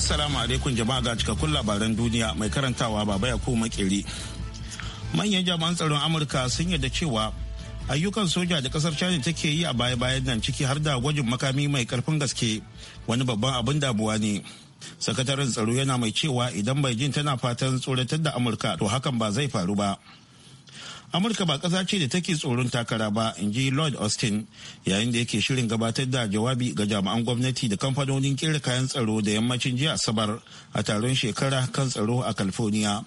Assalamu alaikum jama'a ga cikakkun labaran duniya mai karantawa baba ya ku makeri. Manyan jami'an tsaron Amurka sun yarda cewa ayyukan soja da kasar China take yi a baya-bayan nan ciki har da gwajin makami mai karfin gaske wani babban abin damuwa ne. Sakataren tsaro yana mai cewa idan Beijing tana fatan tsoratar da Amurka to hakan ba zai faru ba. amurka ba ƙasa ce da take tsoron takara ba in ji lloyd austin yayin da yake shirin gabatar da jawabi ga jami'an gwamnati da kamfanonin kera kayan tsaro da yammacin jiya asabar a taron shekara kan tsaro a california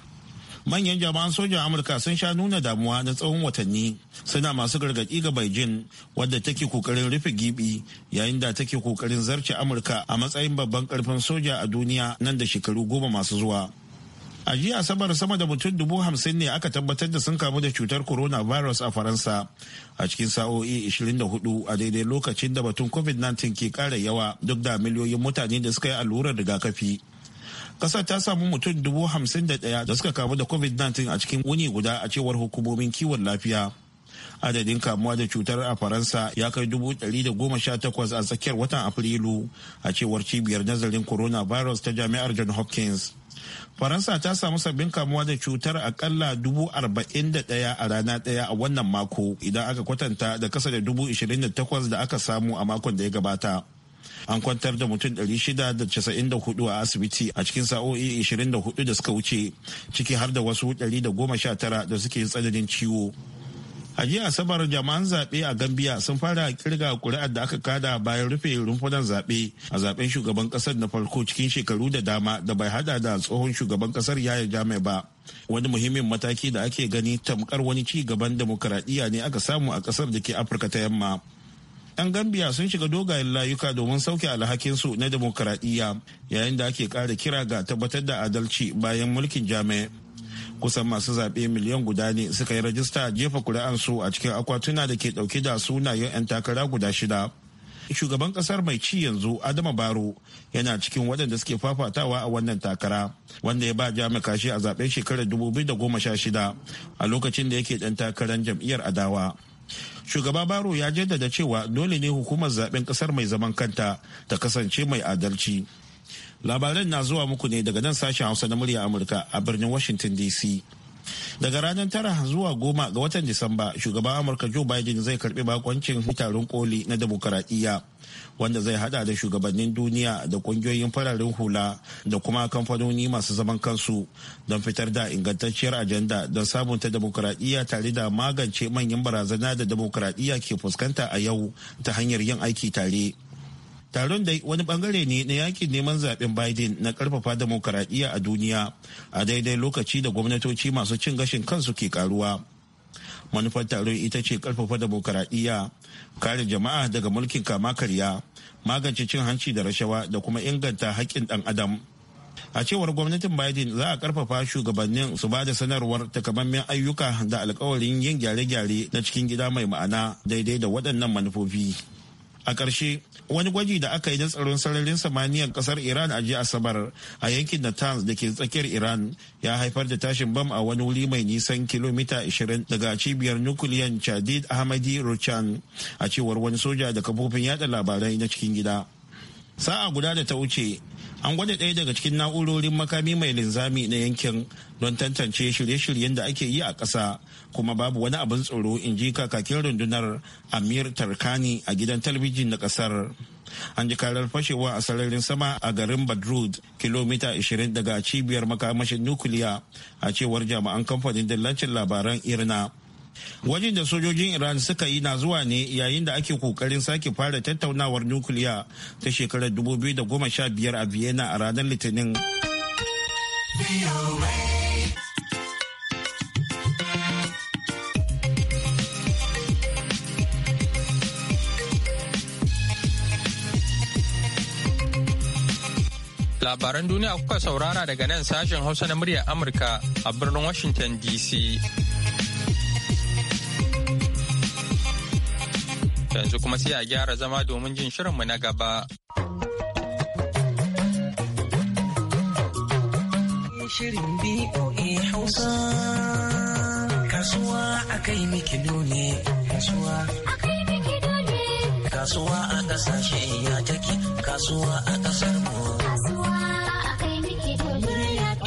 manyan jami'an sojan amurka sun sha nuna damuwa na tsawon watanni suna masu gargaɗi ga beijing wadda take kokarin rufe gibi yayin da take kokarin zarce amurka a matsayin babban karfin soja a duniya nan da shekaru goma masu zuwa A jiya Asabar sama da mutum dubu hamsin ne aka tabbatar da sun kamu da cutar corona virus a Faransa a cikin sa'o'i 24 a daidai lokacin da batun COVID-19 ke ƙara yawa duk da miliyoyin mutane da suka yi allurar rigakafi. Ƙasar ta samu mutum dubu hamsin da ɗaya da suka kamu da COVID-19 a cikin wuni guda a cewar hukumomin kiwon lafiya. Adadin kamuwa da cutar a Faransa ya kai dubu ɗari da goma sha takwas a tsakiyar watan Afrilu a cewar cibiyar nazarin coronavirus ta jami'ar John Hopkins. faransa ta samu sabbin kamuwa da cutar akalla dubu arba'in da ɗaya a rana ɗaya a wannan mako idan aka kwatanta da kasa da dubu ishirin da takwas da aka samu a makon da ya gabata an kwantar da mutum hudu a asibiti a cikin sa'o'i 24 da suka wuce ciki har da wasu tara da suke tsananin ciwo A jiya Asabar jama'an zaɓe a Gambia sun fara kirga kuri'ar da aka kada bayan rufe rumfunan zaɓe a zaɓen shugaban ƙasar na farko cikin shekaru da dama da bai hada da tsohon shugaban ƙasar Yaya jami'a ba. Wani muhimmin mataki da ake gani tamkar wani ci gaban demokaradiyya ne aka samu a ƙasar da ke Afirka ta Yamma. 'yan gambia sun shiga dogayen layuka domin sauke alhakinsu na demokaradiyya yayin da ake kara kira ga tabbatar da adalci bayan mulkin jami'a kusan masu zaɓe miliyan guda ne suka yi rajista jefa kuri'ansu a cikin akwatuna da ke ɗauke da sunayen 'yan takara guda shida shugaban ƙasar mai ci yanzu adama baro yana cikin waɗanda suke fafatawa a wannan takara wanda ya ba jami kashi a zaɓen shekarar dubu 2016 a lokacin da yake ɗan takarar jam'iyyar adawa shugaba baro ya jaddada cewa dole ne hukumar zaɓen ƙasar mai zaman kanta ta kasance mai adalci labaran na zuwa muku ne daga nan sashen hausa na murya amurka a birnin washington dc daga ranar tara zuwa goma ga watan disamba shugaban amurka joe biden zai karbi bakoncin hitarun koli na demokaradiyya wanda zai hada da shugabannin duniya da kungiyoyin fararen hula da kuma kamfanoni masu zaman kansu don fitar da ingantacciyar ajanda don sabunta demokaradiyya tare da magance manyan barazana da demokaradiyya ke fuskanta a yau ta hanyar yin aiki tare taron da wani bangare ne na yakin neman zaben biden na karfafa demokaradiyya a duniya a daidai lokaci da gwamnatoci masu cin gashin kansu ke karuwa manufar taron ita ce karfafa demokaradiyya kare jama'a daga mulkin kama karya magance cin hanci da rashawa da kuma inganta haƙƙin ɗan adam a cewar gwamnatin biden za a karfafa shugabannin su ba da sanarwar takamaiman ayyuka da alkawarin yin gyare-gyare na cikin gida mai ma'ana daidai da waɗannan manufofi a ƙarshe wani gwaji da aka yi na tsaron sararin samaniyar ƙasar iran a jiya asabar a yankin natanz da ke tsakiyar iran ya haifar da tashin bam a wani wuri mai nisan kilomita 20 daga cibiyar nukuliyan chadid ahmadi rochan a cewar wani soja da kafofin yada labarai na cikin gida sa'a guda da ta wuce an gwada ɗaya daga cikin na'urorin makami mai linzami na yankin don tantance shirye-shiryen da ake yi a ƙasa kuma babu wani abin tsoro in ji kakakin rundunar amir tarkani a gidan talabijin na ƙasar an ji karar fashewa a sararin sama a garin badrud kilomita 20 daga cibiyar makamashin nukiliya a cewar jami'an kamfanin dillacin labaran irna Gwajin da sojojin Iran suka yi na zuwa ne yayin da ake kokarin sake fara tattaunawar nukiliya ta shekarar 2015 a Vienna a ranar Litinin. Labaran duniya kuka saurara daga nan sashen Hausa na muryar Amurka a birnin Washington DC. yanzu kuma sai a gyara zama domin jin shirinmu na gaba. Shirin BOA Hausa Kasuwa a kai mikido ne Kasuwa a kai mikido ne Kasuwa a kasashe ya take Kasuwa a kasar mu Kasuwa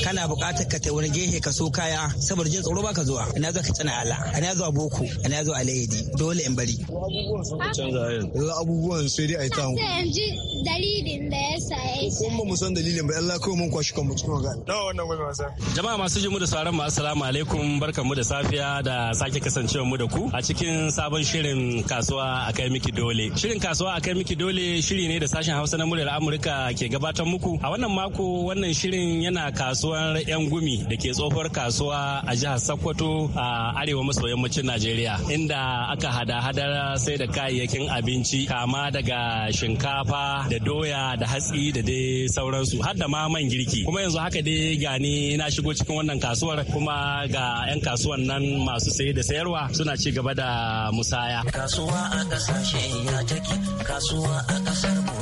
kana buƙatar ka ta wani gehe ka so kaya saboda jin tsoro baka zuwa ina zuwa ka tsana ala ina zuwa boko ina zuwa alayyadi dole in bari abubuwan sun canza yanzu abubuwan sai dai a yi yanzu dalilin da ya sa ya kuma mu san dalilin ba Allah kawai mun kwashi kan mu cikin ga da wannan gwamnati wasa jama'a masu jimu da sauraron mu assalamu alaikum barkamu da safiya da sake kasancewar mu da ku a cikin sabon shirin kasuwa a kai miki dole shirin kasuwa a kai miki dole shiri ne da sashen Hausa na muryar Amurka ke gabatar muku a wannan mako wannan shirin yana kasuwa kasuwar 'yan gumi da ke tsohuwar kasuwa a jihar Sokoto a arewa maso yammacin Najeriya inda aka hada hadar sai da kayayyakin abinci kama daga shinkafa da doya da hatsi da dai sauransu har da ma man girki kuma yanzu haka dai gani na shigo cikin wannan kasuwar kuma ga 'yan kasuwan nan masu saye da sayarwa suna ci gaba da musaya kasuwa a kasashe ya take kasuwa a kasar mu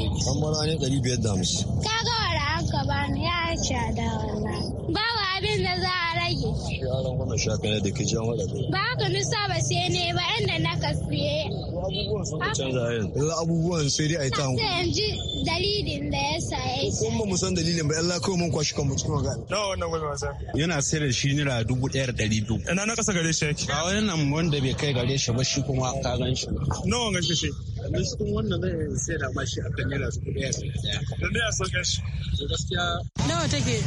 an bar ne ɗari biyar da hamsin. ka ga wani an ka bani ya a da wannan babu abin da za a rage. yaran goma sha kana da ke jan waɗanda. ba haka nisa ba sai ne ba inda na ka siye. abubuwan sun canza yanzu. illa abubuwan sai dai a yi ta hankali. sai yanzu dalilin da ya sa ya yi. kuma mu san dalilin ba Yalla kawai mun kwashi kan mu cikin magana. nawa wannan gwamnati wasa. yana sayar da shi nira dubu ɗaya da ɗari biyu. ina na ƙasa gare shi yake. ba wani nan wanda bai kai gare shi ba shi kuma ka gan shi. nawa gan shi shi. ni cikin wannan zai sai da ba shi akan naira dubu ɗaya da ɗaya. Da a sun shi. To gaskiya. Nawa take?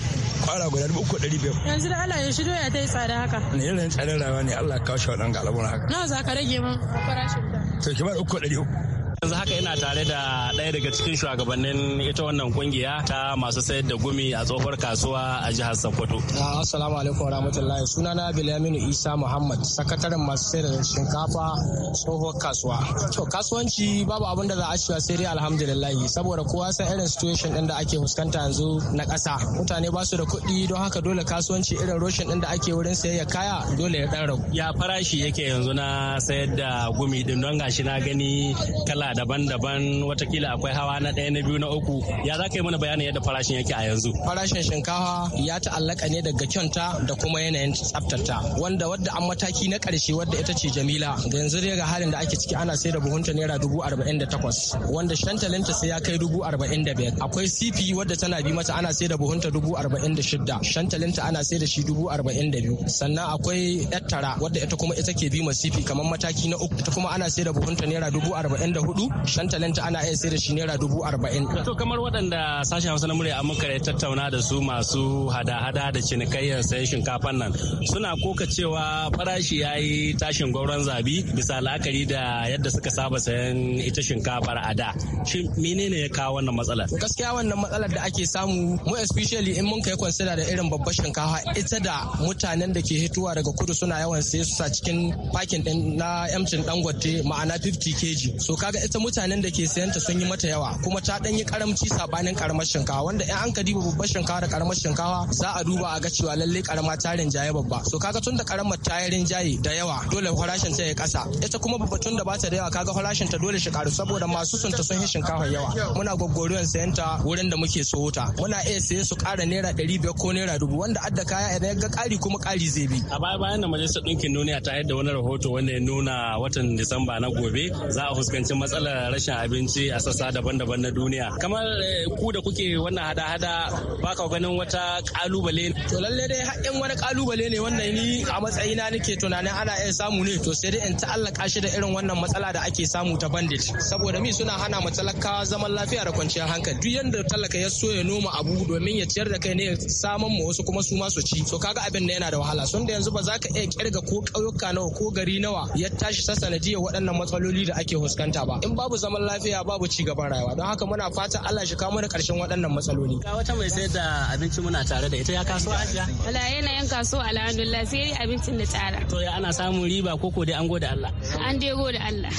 Kwara guda dubu uku ɗari biyar. Yanzu da Allah ya shi ya ta yi tsada haka. Ni irin tsadar rayuwa ne Allah ya kawo shi waɗanda al'amuran haka. Nawa za ka rage mun farashin da? To ki ba uku ɗari uku. yanzu haka ina tare da ɗaya daga cikin shugabannin ita wannan kungiya ta masu sayar da gumi a tsohuwar kasuwa a jihar Sokoto. Ah, assalamu alaikum warahmatullahi sunana Bilaminu Isa Muhammad sakataren masu sayar da shinkafa tsohuwar kasuwa. To kasuwanci babu abin da za a cewa sai dai alhamdulillah saboda kowa san irin situation din da ake fuskanta yanzu na ƙasa. Mutane ba su da kuɗi don haka dole kasuwanci irin roshin din da ake wurin sayayya kaya dole ya ɗan rabu. Ya farashi yake yanzu na sayar da gumi din don gashi na gani kala daban-daban watakila akwai hawa na ɗaya na biyu na uku ya za ka yi mana bayanin yadda farashin yake a yanzu farashin shinkafa ya ta'allaka ne daga kyonta da kuma yanayin tsaftarta wanda wadda an mataki na ƙarshe wadda ita ce jamila da yanzu dai ga halin da ake ciki ana sai da buhunta naira dubu arba'in da takwas wanda shantalinta sai ya kai dubu arba'in da biyar akwai cp wadda tana bi mata ana sai da buhunta dubu arba'in da shidda shantalinta ana sai da shi dubu arba'in da biyu sannan akwai yattara wadda ita kuma ita ke bi ma cp kamar mataki na uku ita kuma ana sai da buhunta naira dubu arba'in da hudu hudu shan talenta ana iya sai da shi naira dubu arba'in. to kamar waɗanda sashen hausa na murya amurka ya tattauna da su masu hada-hada da cinikayyar sayan shinkafan nan suna koka cewa farashi ya yi tashin gwauron zabi bisa la'akari da yadda suka saba sayan ita shinkafar a da shi menene ya kawo wannan matsalar gaskiya wannan matsalar da ake samu mu especially in mun kai consider da irin babbar shinkafa ita da mutanen da ke hituwa daga kudu suna yawan sai su sa cikin pakin din na yamcin dangote ma'ana 50 kg so kaga ita mutanen da ke sayanta sun yi mata yawa kuma ta dan yi karamci sabanin karamar shinkawa wanda in an ka diba babbar shinkawa da karamar shinkawa za a duba a ga cewa lalle karama ta rinjaye babba so kaga tun da karamar ta yi rinjaye da yawa dole farashin ta ya kasa ita kuma babba tun da bata da yawa kaga farashin ta dole shi karu saboda masu sun ta sun yi shinkawa yawa muna gwaggoriyon sayanta wurin da muke so ta muna iya saye su kara naira ɗari biyar ko naira dubu wanda adda kaya idan ya ga kari kuma kari zai bi a baya bayan da majalisar ɗinkin duniya ta yadda wani rahoto wanda ya nuna watan disamba na gobe za a fuskanci matsala matsalar rashin abinci a sassa daban-daban na duniya kamar eh, ku da kuke wannan hada-hada ba ka ganin wata kalubale to lalle dai haƙƙin wani kalubale ne wannan ni a matsayina nake tunanin ana iya samu ne to sai dai in ta'allaka shi da irin wannan matsala da ake samu ta bandit saboda mi suna hana mu talakawa zaman lafiya da kwanciyar hankali duk yanda talaka ya so ya noma abu domin ya ciyar da kai ne ya samar mu wasu kuma su ma su ci so kaga abin da yana da wahala sun da yanzu ba za ka iya kirga ko ƙauyuka nawa ko gari nawa ya tashi ta sanadiyar waɗannan matsaloli da ake fuskanta ba in babu zaman lafiya babu ci gaban rayuwa don haka muna fata Allah shi kawo mana karshen waɗannan matsaloli ga wata mai sayar da abinci muna tare da ita ya kasuwa ajiya wala yanayin kasuwa alhamdulillah sai abincin da tsara to ya ana samun riba ko ko dai an gode Allah an dai gode Allah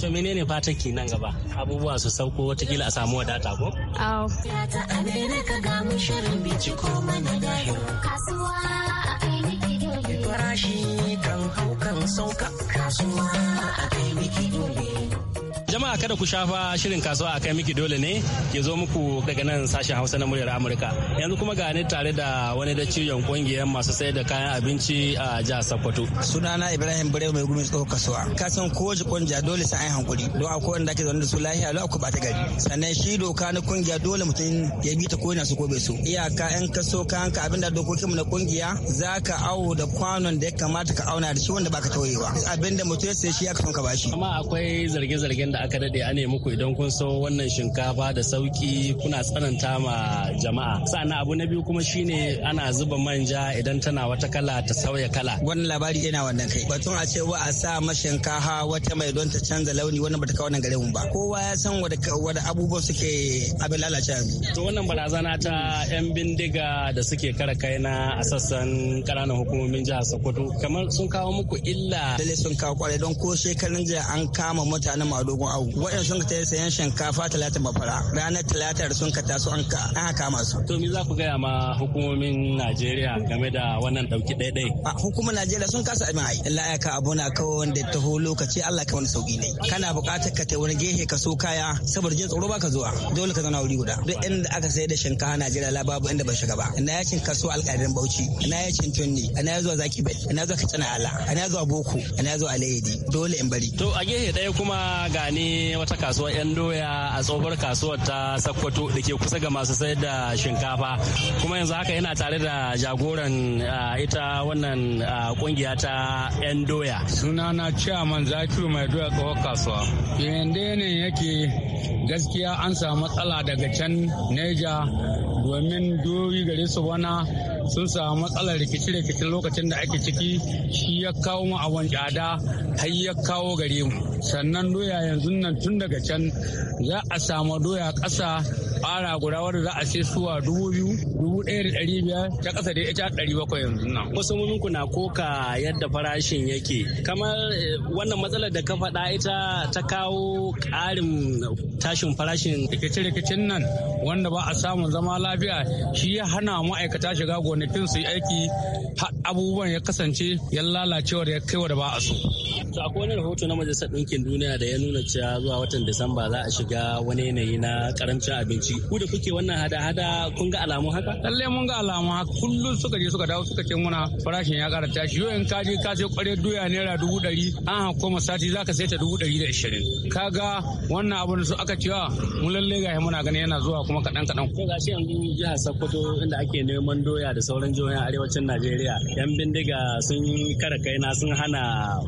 to menene fatan ki nan gaba abubuwa su sauko watakila a samu wadata ko aw ta amene ka ga mun farashi kan hau kan sauka kasuwa kada ku shafa shirin kasuwa a kai miki dole ne ke zo muku daga nan sashen hausa na muryar amurka yanzu kuma ga ni tare da wani da ciyon kungiyar masu sayar da kayan abinci a jihar sokoto sunana ibrahim bare mai gumi tsohon kasuwa ka san kowace kungiya dole sai an yi hankuri don akwai da ke zaune da su lafiya a ku bata gari sannan shi doka na kungiya dole mutum ya bi ta ko ina su ko bai so iyaka yan kaso kayan ka abinda dokokin mu na kungiya za ka awo da kwanon da ya kamata ka auna da shi wanda baka tauyewa abinda mutum ya sai shi ya son ka bashi amma akwai zarge-zargen da aka daɗe a ne muku idan kun so wannan shinkafa da sauki kuna tsananta ma jama'a sa'annan abu na biyu kuma shine ana zuba manja idan tana wata kala ta sauya kala wannan labari yana wannan kai batun a ce wa a sa ma shinkafa wata mai don ta canza launi wannan bata kawo gare mu ba kowa ya san wada abubuwan suke abin lalace yanzu to wannan barazana ta yan bindiga da suke kara kaina a sassan kananan hukumomin jihar Sokoto kamar sun kawo muku illa lalle sun kawo kwarai don ko shekarun jiya an kama mutanen Madogon Awu wa'in sun ta sayan shinkafa talatin bafara ranar talatar sun ka taso an ka an kama su. To me za ku gaya ma hukumomin Najeriya game da wannan ɗauki ɗaiɗai? A hukumar Najeriya sun kasa abin ai. Allah ya ka abu na kawai wanda taho lokaci Allah ka wani sauki ne. Kana buƙatar ka ta wani gehe ka so kaya saboda jin tsoro baka zuwa dole ka zauna wuri guda. Duk inda aka sayar da shinkafa Najeriya la babu inda ba shiga ba. Ina yacin kaso alƙadarin Bauchi, ina yacin Tunni, ina zuwa Zaki Bai, ina zuwa Katsina Ala, ina zuwa Boko, ina zuwa Alayedi. Dole in bari. To a gehe ɗaya kuma gane wata kasuwar 'yan doya a tsohuwar kasuwar ta sakkwato da ke kusa ga masu sayar da shinkafa. Kuma yanzu haka yana tare da jagoran ita wannan kungiya ta 'yan doya. Sunana Chairman zafi mai doya tsohuwar kasuwa. yadda ne yake gaskiya an samu matsala daga can Neja domin doyi gare su bana sun samu matsalar rikici-rikicin lokacin da ake ciki shi ya kawo mu a wanjada har ya kawo gare mu sannan doya yanzu nan tun daga can za a samu doya ƙasa fara guda wadda za a sai suwa dubu biyu da ɗari biyar ta ƙasa da ita ɗari bakwai yanzu nan. Wasu ku na koka yadda farashin yake. Kamar eh, wannan matsalar da ka faɗa ita ta kawo ƙarin tashin farashin. rikice rikicen nan wanda ba a samun zama lafiya shi ya hana ma'aikata shiga gonakin su yi aiki abubuwan ya kasance ya lalacewar ya kaiwa da ba a so. To akwai wani rahoto na Majalisar Ɗinkin Duniya da ya nuna cewa zuwa watan Disamba za a shiga wani yanayi na karancin abinci. Ku da kuke wannan hada-hada kun ga alamu haka? lalle mun ga alamu kullum suka je suka dawo suka ce muna farashin ya kara tashi yau in ka je ka sai kware doya naira dubu ɗari an hako ma sati za ka sai ta dubu ɗari da ishirin kaga wannan abun da su aka cewa ah, mu lalle ga muna gani yana zuwa kuma kaɗan kaɗan. ga shi yanzu jihar sokoto inda ake neman doya da sauran jihohin arewacin najeriya yan bindiga sun yi kara kaina sun hana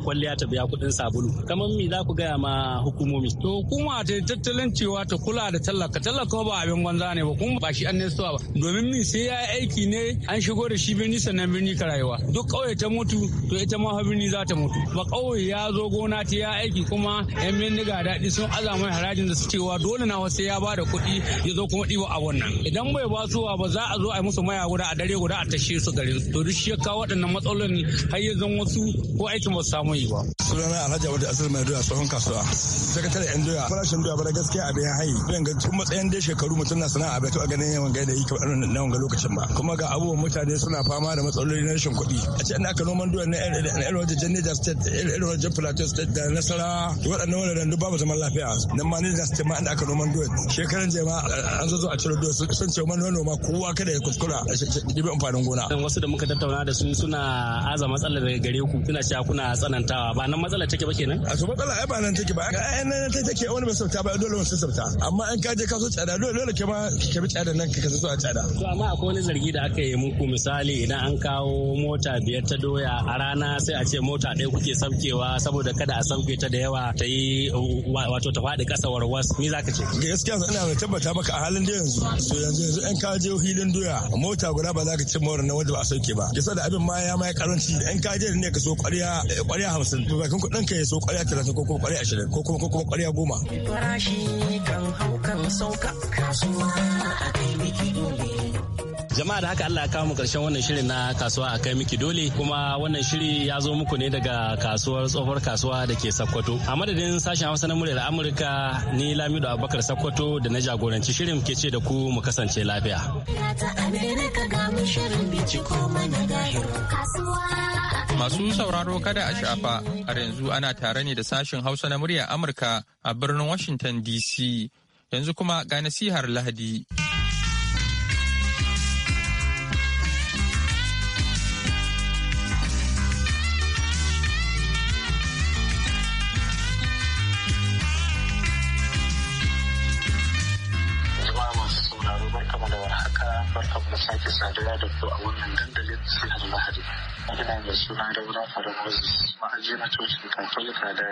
kwalliya ta biya kuɗin sabulu kamar mi za ku gaya ma hukumomi. to hukuma ta tattalin cewa ta kula da tallaka tallaka ba abin gwanza ne ba kuma ba shi an ba domin min sai ya aiki ne an shigo da shi birni sannan birni ka rayuwa duk ƙauye ta mutu to ita ma birni za ta mutu ba ƙauye ya zo gona ta ya aiki kuma yan birni ga daɗi sun azamai harajin da su cewa dole na wasu ya ba da kuɗi ya zo kuma ɗiba a wannan idan bai ba su ba za a zo a yi musu maya guda a dare guda a tashe su garin to duk shi ya kawo waɗannan matsalolin har ya zan wasu ko aikin ba su samu yi ba. sunana alhaji abu da asali mai doya tsohon kasuwa sakatare yan doya farashin doya da gaskiya a hayi don ga tun matsayin dai shekaru mutum na sana'a bai taɓa ganin yawan gaida yi kamar nan lokacin ba kuma ga abubuwan mutane suna fama da matsaloli na rashin kuɗi a ce ina aka noman doya na irin wajen janeja State irin wajen Plateau State da nasara waɗannan wani randu babu zaman lafiya nan ma Niger State ma inda aka noman doya shekaran jiya ma eh, an zo a cire doya sun ce manoma noma kowa kada ya kuskura a ɗibi amfanin gona. Wasu da muka tattauna da su suna aza matsala daga gare ku kuna cewa kuna tsanantawa ba nan matsala take ba kenan. A to matsala ai ba nan take ba ai nan take wani bai sauta ba dole wani sun sauta amma in ka je ka so tsada dole dole ke ma ke bi tsada nan ka zo a tsada. To amma akwai wani zargi da aka yi muku misali idan an kawo mota biyar ta doya a rana sai a ce mota ɗaya kuke saukewa saboda kada a sauke ta da yawa ta yi wato ta faɗi ƙasa warwas ni za ka ce. Gaskiya ina mai tabbata maka a halin da yanzu so yanzu yanzu yan ka je filin doya mota guda ba za ka ci mawar na wanda ba a sauke ba. Kisa da abin ma ya ma ya karanci yan ka je ne ka so ƙwarya eh, ƙwarya hamsin to bakin kuɗin ka ya so ƙwarya talatin ko kuma ƙwarya ashirin ko kuma ko kuma goma. Farashi kan hau kan sauka kasuwa a kai Jama'a da haka Allah ya kawo mu karshen wannan shirin na kasuwa a kai miki dole kuma wannan shiri ya zo muku ne daga kasuwar tsohuwar kasuwa da ke Sokoto. A madadin sashen Hausa na muryar Amurka ni Lamido Abubakar Sokoto da na jagoranci shirin ke ce da ku mu kasance lafiya. Masu sauraro kada a shafa har yanzu ana tare ne da sashen Hausa na muryar Amurka a birnin Washington DC. Yanzu kuma ga nasihar Lahadi. barkamu da haka, barkamu da sake saduwa da ku a wannan dandalin sihar lahadi ina mai suna da daura farin moses ma'aji na cocin katolika da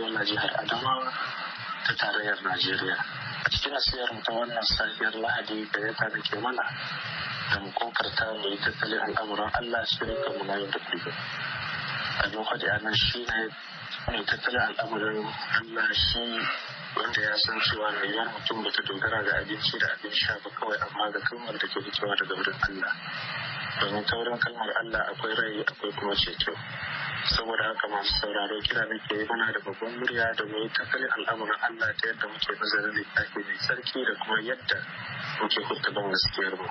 yana jihar adamawa ta tarayyar najeriya a cikin asiyar ta wannan safiyar lahadi da ya da ke mana da mu kokarta mu tattalin al'amuran allah shirin kamu na yau da kullum abin kwaɗi a nan shi ne mai tattalin al'amuran allah shi wanda ya san cewa rayuwar mutum bata dogara ga abinci da abin sha ba kawai amma ga kalmar da ke fitowa daga wurin Allah domin taurin kalmar Allah akwai rai akwai kuma ceto saboda haka masu sauraro kira da ke muna da babban murya da mu yi takalin al'amuran Allah ta yadda muke nazarin littafi mai sarki da kuma yadda muke ban gaskiyar mu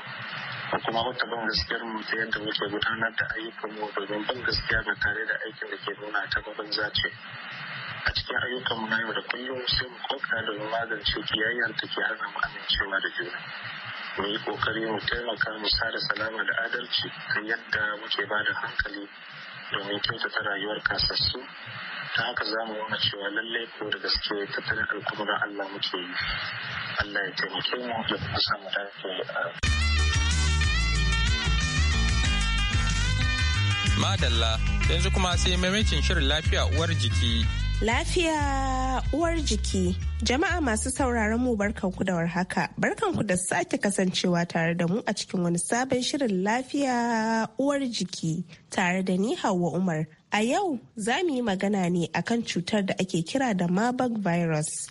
da kuma ban gaskiyar mu ta yadda muke gudanar da ayyukan mu domin ban gaskiya ba tare da aikin da ke nuna ta banza ce a cikin ayyukanmu na yau da kullum sai mu koka da magance kiyayyar ta ke hana mu amincewa da juna mu yi ƙoƙari, mu taimaka mu sa da salama da adalci ta yadda muke ba da hankali domin kyautata rayuwar kasassu ta haka za mu nuna cewa lallai ko da gaske tattalin alkumuran Allah muke yi Allah ya taimake mu ya kuma mu dace Madalla yanzu kuma sai maimacin shirin lafiya uwar jiki Lafiya uwar jiki. Jama'a masu sauraron mu barkanku da war warhaka. Barkanku da sake kasancewa tare da mu a cikin wani sabon shirin lafiya uwar jiki tare da ni Hauwa Umar. A yau za mu yi magana ne akan cutar da ake kira da Marburg virus.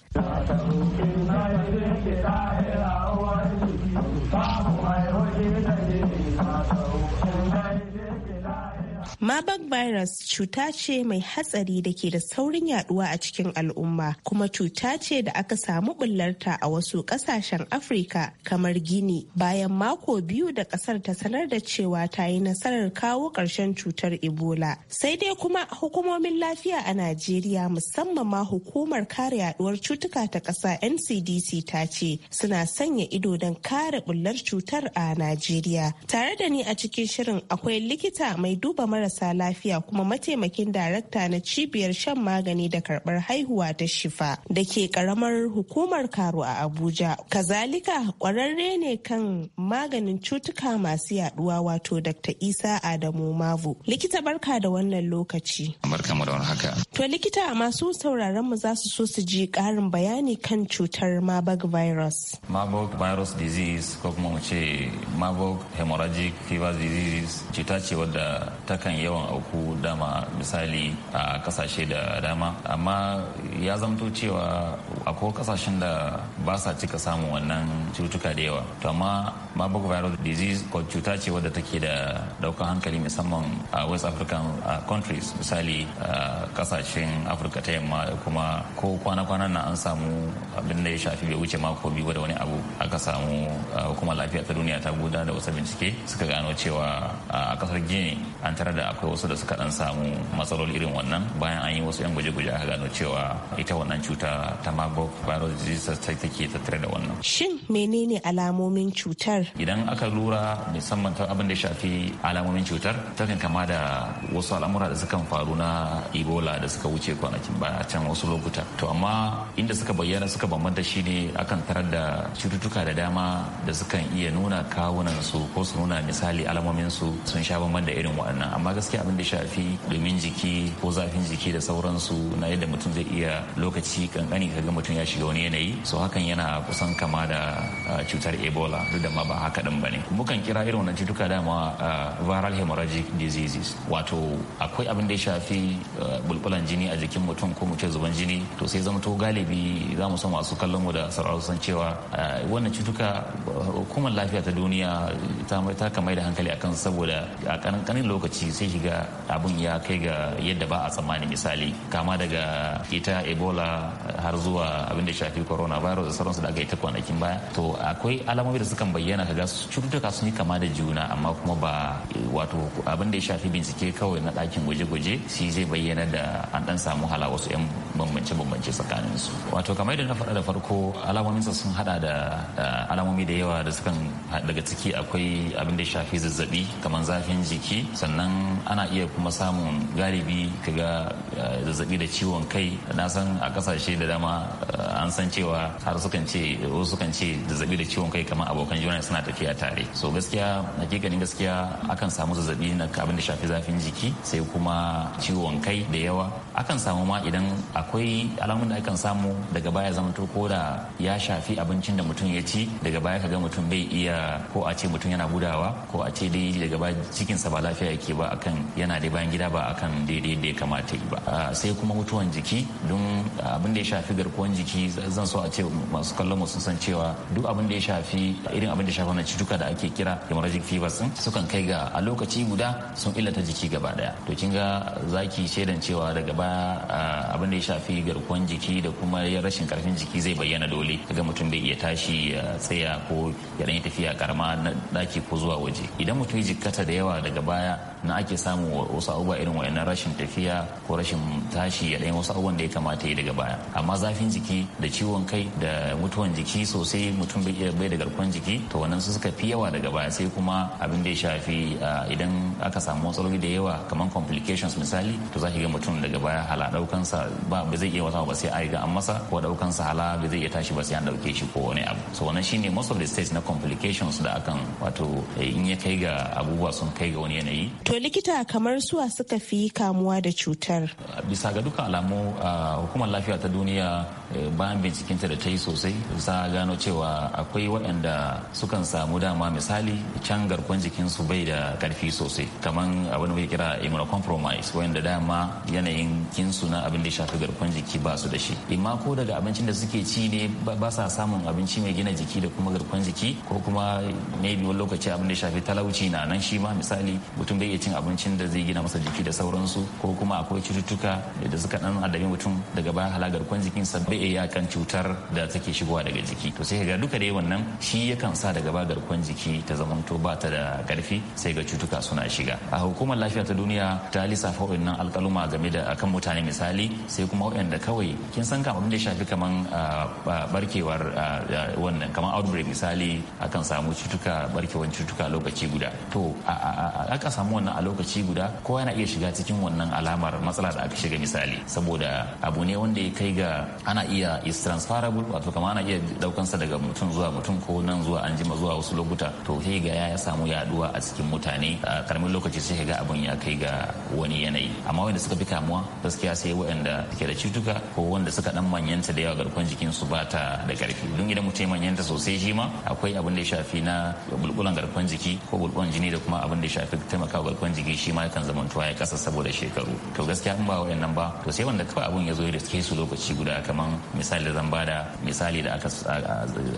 Marburg virus cuta ce mai hatsari da ke da saurin yaduwa a cikin al'umma kuma cuta ce da aka samu bullarta a wasu kasashen Afrika kamar Gini bayan mako biyu da kasar ta sanar da cewa ta yi nasarar kawo ƙarshen cutar Ebola. Sai dai kuma hukumomin lafiya a Najeriya musamman ma hukumar kare yaduwar cutuka ta ƙasa NCDC ta ce suna sanya ido don kare bullar cutar a Najeriya. Tare da ni a cikin shirin akwai likita mai duba mara marasa lafiya kuma mataimakin darakta na cibiyar shan magani da karbar haihuwa ta shifa da ke karamar hukumar karu a abuja kazalika ƙwararre ne kan maganin cutuka masu yaduwa wato dr isa adamu mavu likita barka da wannan lokaci to likita masu sauraron mu za su so su ji ƙarin bayani kan cutar marburg virus marburg virus disease ko kuma mu ce marburg hemorrhagic fever disease cuta ce wadda takan yawan auku dama misali a kasashe da dama amma ya zamto cewa akwai kasashen da ba sa cika samun wannan cutuka da yawa to amma marburg viral disease ko cuta ce wadda take da daukan hankali musamman a west african countries misali kasashen afirka ta yamma kuma ko kwana-kwanan na an samu abin da ya shafi bai wuce mako biyu da wani abu aka samu hukumar lafiya ta duniya ta gudanar da wasu bincike suka gano cewa a kasar gini an tare da akwai wasu da suka dan samu matsaloli irin wannan bayan an yi wasu yan gwaje-gwaje aka gano cewa ita wannan cuta ta marburg virus disease ta take tattare da wannan shin menene alamomin cutar idan aka lura musamman ta abin da shafi alamomin cutar ta kan kama da wasu al'amura da suka faru na ebola da suka wuce kwanakin baya can wasu lokuta to amma inda suka bayyana suka bambanta ne akan tarar da cututtuka da dama da sukan iya nuna kawunan su ko su nuna misali alamomin su sun sha bambanta irin wannan. amma gaskiya abin da shafi domin jiki ko zafin jiki da sauransu na yadda mutum zai iya lokaci kankani kaga mutum ya shiga wani yanayi so hakan yana kusan kama da cutar ebola duk da ma ba haka din bane mukan kira irin wannan cutuka dama viral hemorrhagic diseases wato akwai abin da ya shafi bulbulan jini a jikin mutum ko mu ce zuban jini to sai zama to galibi za mu san masu kallon mu da sauraro san cewa wannan cutuka hukumar lafiya ta duniya ta mai da hankali akan saboda a kankanin lokaci sai sai shiga abin ya kai ga yadda ba a tsammani misali kama daga ita ebola har zuwa abin da shafi coronavirus da sauransu da aka yi ta kwanakin baya to akwai alamomi da sukan bayyana kaga cututtuka sun yi kama da juna amma kuma ba wato abin da ya shafi bincike kawai na dakin gwaje-gwaje shi zai bayyana da an dan samu hala wasu 'yan bambance-bambance tsakanin su wato kamar yadda na faɗa da farko alamominsa sun hada da eh, alamomi da yawa da sukan daga ciki akwai abin da ya shafi zazzabi kamar zafin jiki sannan ana iya kuma samun galibi kaga eh, zazzabi da ciwon kai na san a kasashe da dama eh, an san cewa har sukan ce wasu sukan ce zazzabi da ciwon kai kamar abokan juna suna tafiya tare so gaskiya hakikanin gaskiya akan samu zazzabi na abin da shafi zafin jiki sai kuma ciwon kai da yawa akan samu ma idan akwai alamun da akan samu daga baya zama to ko da ya shafi abincin da mutum ya ci daga baya kaga mutum bai iya ko a ce mutum yana gudawa ko a ce dai daga baya cikinsa ba lafiya yake ba akan yana dai bayan gida ba akan daidai da ya kamata ba ah, sai kuma mutuwan jiki don ah, abin da ya shafi garkuwan jiki zan so a ce masu kallon sun san cewa duk abin da ya shafi irin abin da ya shafi wannan cutuka da ake kira hemorrhagic fevers sukan kai ga a lokaci guda sun illata jiki gaba daya to kin ga zaki shaidan cewa daga baya ba abin da ya shafi garkuwan jiki da kuma rashin karfin jiki zai bayyana dole daga mutum bai iya tashi ya tsaya ko ya ɗanyi tafiya karama na ɗaki ko zuwa waje idan mutum ya jikkata da yawa daga baya na ake samun wasu abubuwa irin wa'annan rashin tafiya ko rashin tashi ya ɗaya wasu abubuwan da ya kamata yi daga baya amma zafin jiki da ciwon kai da mutuwan jiki sosai mutum bai iya bai da garkuwan jiki to wannan su suka fi yawa daga baya sai kuma abin da ya shafi idan aka samu matsaloli da yawa kamar complications misali to za ki ga mutum daga baya hala daukansa ba ba zai iya wasa ba sai a riga an masa ko daukansa hala ba zai iya tashi ba sai an dauke shi ko wani abu so wannan shine most of the states na complications da akan wato in ya kai ga abubuwa sun kai ga wani yanayi To likita kamar suwa suka fi kamuwa da cutar. Bisa ga duka alamu hukumar lafiya ta duniya eh, bayan bincikinta da ta yi sosai za gano cewa akwai waɗanda sukan samu dama misali can garkon jikinsu bai da karfi sosai kamar abin da kira immunocompromise wanda dama yanayin kinsu na abin da shafi garkon jiki ba su da shi imma ko daga abincin da suke ci ne ba sa samun abinci mai gina jiki da kuma garkon jiki ko kuma maybe wani lokaci abin da shafi talauci na nan shi ma misali mutum bai iya cin abincin da zai gina masa jiki da sauransu ko kuma akwai cututtuka da suka dan addabi mutum daga baya halagar kwan sa bai iya yakan cutar da take shigowa daga jiki to sai ga duka dai wannan shi yakan sa daga ba garkuwar jiki ta zamanto ba ta da karfi sai ga cutuka suna shiga a hukumar lafiya ta duniya ta lissafa wannan alkaluma game da akan mutane misali sai kuma waɗanda kawai kin san kan abin da shafi kaman barkewar wannan kaman outbreak misali akan samu cutuka barkewar cutuka lokaci guda to aka samu wannan a lokaci guda kowa yana iya shiga cikin wannan alamar matsala da aka shiga misali saboda abu ne wanda ya kai ga ana iya is transferable wato kamar ana iya daukansa daga mutum zuwa mutum ko nan zuwa anjima zuwa wasu lokuta to sai ga ya samu yaduwa a cikin mutane a karamin lokaci sai ga abun ya kai ga wani yanayi amma wanda suka fi kamuwa gaskiya sai waɗanda suke da cutuka ko wanda suka dan manyanta da yawa garkuwar jikin su ba ta da karfi don idan mutum manyanta sosai shi ma akwai abin da ya shafi na bulbulan garkuwar jiki ko bulbulan jini da kuma abin da ya shafi taimakawa garkuwar jiki shi ma yakan tuwa ya kasa saboda shekaru to gaskiya an ba wayannan ba to sai wanda kawai abun ya zo da su lokaci guda kaman misali da zan bada misali da aka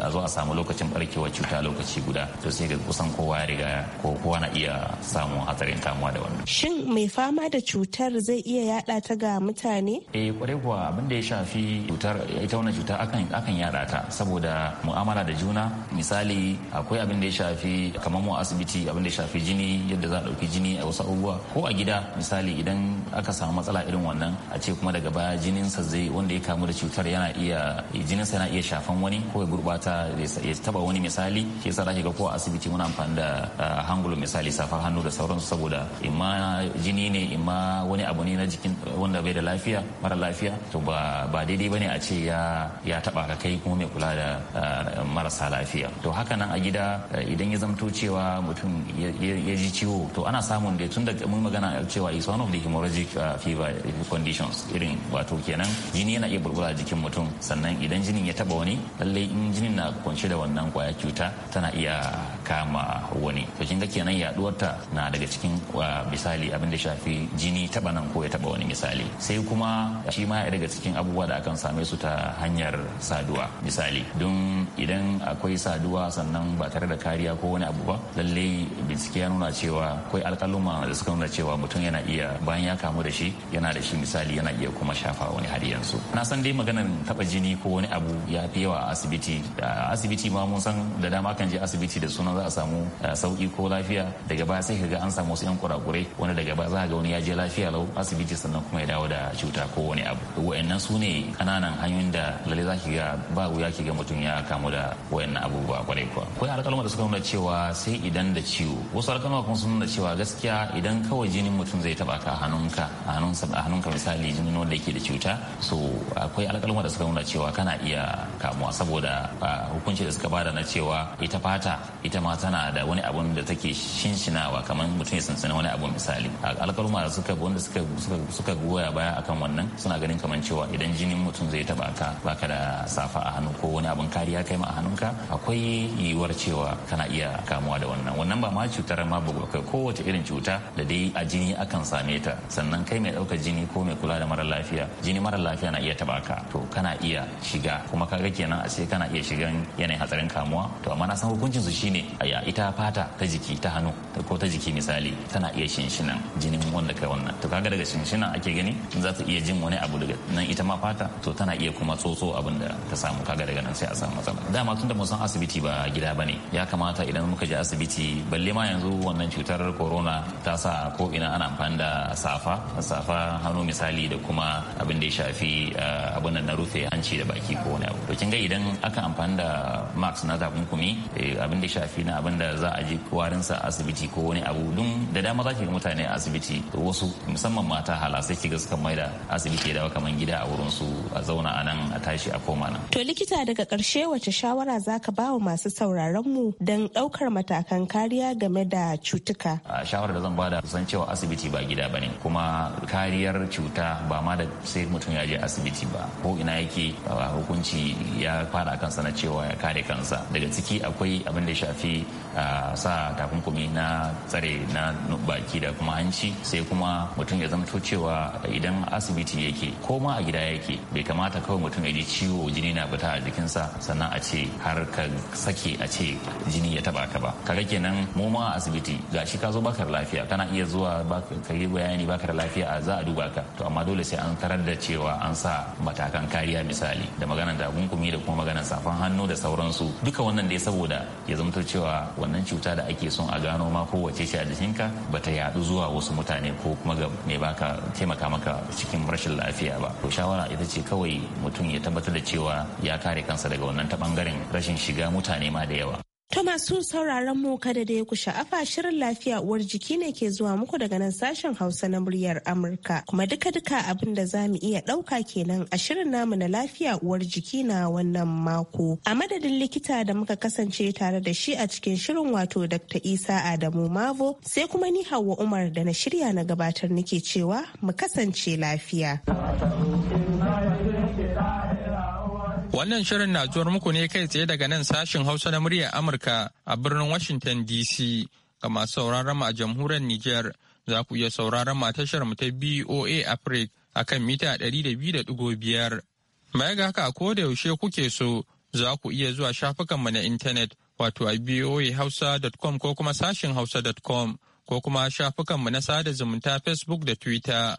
a zo a samu lokacin barkewar cuta lokaci guda to sai ga kusan kowa ya riga ko kowa na iya samu hatsarin kamuwa da wannan shin mai fama da cutar zai iya yada ta ga mutane eh kwarai kuwa abin da ya shafi cutar ita wannan cuta akan akan yada ta saboda mu'amala da juna misali akwai abin da ya shafi kamar mu asibiti abin da ya shafi jini yadda za a dauki jini ne a wasu abubuwa ko a gida misali idan aka samu matsala irin wannan a ce kuma daga baya jininsa zai wanda ya kamu da cutar yana iya jininsa yana iya shafan wani ko ya gurbata ya taba wani misali ke yasa zaki ga ko a asibiti muna amfani da ah, hangulu misali safar hannu da sauransu saboda imma jini ne imma wani abu ne na jikin wanda bai da lafiya mara lafiya to ba ba daidai bane a ce ya ya taba ka kai kuma mai kula da ah, marasa lafiya to haka nan a gida idan ya zamto cewa mutum ya ji ciwo to ana samun samun dai tun da mun magana cewa is one of the hemorrhagic uh, fever conditions irin wato kenan jini yana iya a jikin mutum sannan idan jinin ya taba wani lallai in jinin na kunshe da wannan kwaya cuta tana iya kama wani to kin ga kenan yaduwar ta na daga cikin misali abin da shafi jini taba nan ko ya taba wani misali sai kuma shi ma daga cikin abubuwa da akan same su ta hanyar saduwa misali don idan akwai saduwa sannan ba tare da kariya ko wani abu ba lalle bincike ya nuna cewa akwai alkaluma da suka nuna cewa mutum yana iya bayan ya kamu da shi yana da shi misali yana iya kuma shafa wani har yanzu na san dai maganar taba jini ko wani abu ya fi yawa a asibiti asibiti ma mun san da dama kan je asibiti da sunan za a samu eh, sauki ko lafiya daga baya sai kaga an samu wasu yan kurakurai wanda daga baya za ga wani ya je lafiya lau asibiti sannan kuma ya dawo da cuta ko wani abu wa'annan su ne kananan hanyoyin da lalle za ki ga ba wuya ki ga mutum ya kamu da wa'annan abubuwa kwarai kuwa akwai alƙalma da suka nuna cewa sai idan da ciwo wasu alƙalma kuma sun nuna cewa gaskiya idan kawai jinin mutum zai taba ka hannunka a hannunsa a hannunka misali jinin wanda yake da cuta so akwai alƙalma da suka nuna cewa kana iya kamuwa saboda ah, hukunci da suka bada na cewa ita fata ita ma kuma tana da wani abun da take shinshinawa kamar mutum ya sansani wani abu misali a alkaluma da suka wanda suka suka goya baya akan wannan suna ganin kamar cewa idan jinin mutum zai taba ka baka da safa a hannu ko wani abun kariya kai ma a hannunka akwai yiwuwar cewa kana iya kamuwa da wannan wannan ba ma cutar ma ba kai kowace irin cuta da dai a jini akan same ta sannan kai mai ɗaukar jini ko mai kula da mara lafiya jini mara lafiya na iya taba ka to kana iya shiga kuma kaga kenan a sai kana iya shigan yanayin hatsarin kamuwa to amma na san hukuncin su shine ita fata ta jiki ta hannu ko ta jiki misali tana iya shinshinan jinin wanda kai wannan to kaga daga shinshinan ake gani za ta iya jin wani abu daga nan ita ma fata to tana iya kuma tsotso abin da ta samu kaga daga nan sai a samu matsala dama tunda mun san asibiti ba gida bane ya kamata idan muka je asibiti balle ma yanzu wannan cutar corona ta sa ko ina ana amfani da safa safa hannu misali da kuma abin da ya shafi eh, abin da na rufe hanci da baki ko wani abu to kin ga idan aka amfani da max na takunkumi eh, abin da ya shafi na abin da za a je warinsa a asibiti ko wani abu dun da dama za ki ga mutane a asibiti wasu musamman mata hala sai ki ga suka maida asibiti ya dawo kamar gida a wurin su a zauna a nan a tashi a koma nan. To likita daga karshe wace shawara za ka ba wa masu sauraron mu don daukar matakan kariya game da cutuka? A shawarar da zan bada kusan cewa asibiti ba gida bane kuma kariyar cuta ba ma da sai mutum ya je asibiti ba ko ina yake hukunci ya fara kansa na cewa ya kare kansa daga ciki akwai abin da ya shafi a sa takunkumi na tsare na baki da kuma hanci sai kuma mutum ya zamto cewa idan asibiti yake ko ma a gida yake bai kamata kawai mutum ya ji ciwo jini na fita a jikinsa sannan a ce har ka sake a ce jini ya taba ka ba kaga kenan mu ma a asibiti gashi ka zo baka da lafiya kana iya zuwa ka yi bayani baka da lafiya a za a duba ka to amma dole sai an tarar da cewa an sa matakan kariya misali da maganar takunkumi da kuma maganar safan hannu da sauransu duka wannan dai saboda ya zamto cewa cewa wannan cuta da ake son a gano ma kowace shi a jikinka ba ta yadu zuwa wasu mutane ko kuma ga mai baka taimaka maka cikin rashin lafiya ba to shawara ita ce kawai mutum ya tabbatar da cewa ya kare kansa daga wannan ta bangaren rashin shiga mutane ma da yawa To masu sauraron mu kada da ya ku sha'afa shirin lafiya uwar jiki ne ke zuwa muku daga nan sashen Hausa na muryar Amurka. Kuma duka-duka abin da za mu iya ɗauka kenan a shirin namu na lafiya uwar jiki na wannan mako. A madadin likita da muka kasance tare da shi a cikin shirin wato Dr. Isa Adamu Mavo sai kuma ni Hauwa Umar da na shirya na gabatar nake cewa mu kasance lafiya. Wannan shirin na zuwar muku ne kai tsaye daga nan sashin Hausa na muryar Amurka a birnin Washington DC. Ga masu sauraron mu a jamhuriyar Nijar za ku iya sauraron mu a tashar mu ta BOA Africa a kan mita 200.5. Baya ga haka ko da yaushe kuke so za ku iya zuwa shafukan mu na intanet wato a boahausa.com ko kuma sashin hausa.com ko kuma shafukan mu na sada zumunta Facebook da Twitter.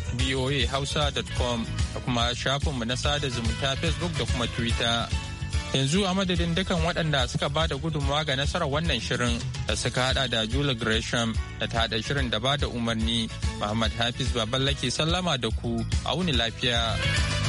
voahausa.com da kuma shafinmu na sada zumunta facebook da kuma twitter yanzu a madadin dukan waɗanda suka ba da gudunmawa ga nasarar wannan shirin da suka hada da jula gresham da ta hada shirin da ba da umarni muhammad hafiz baballake sallama da ku a wuni lafiya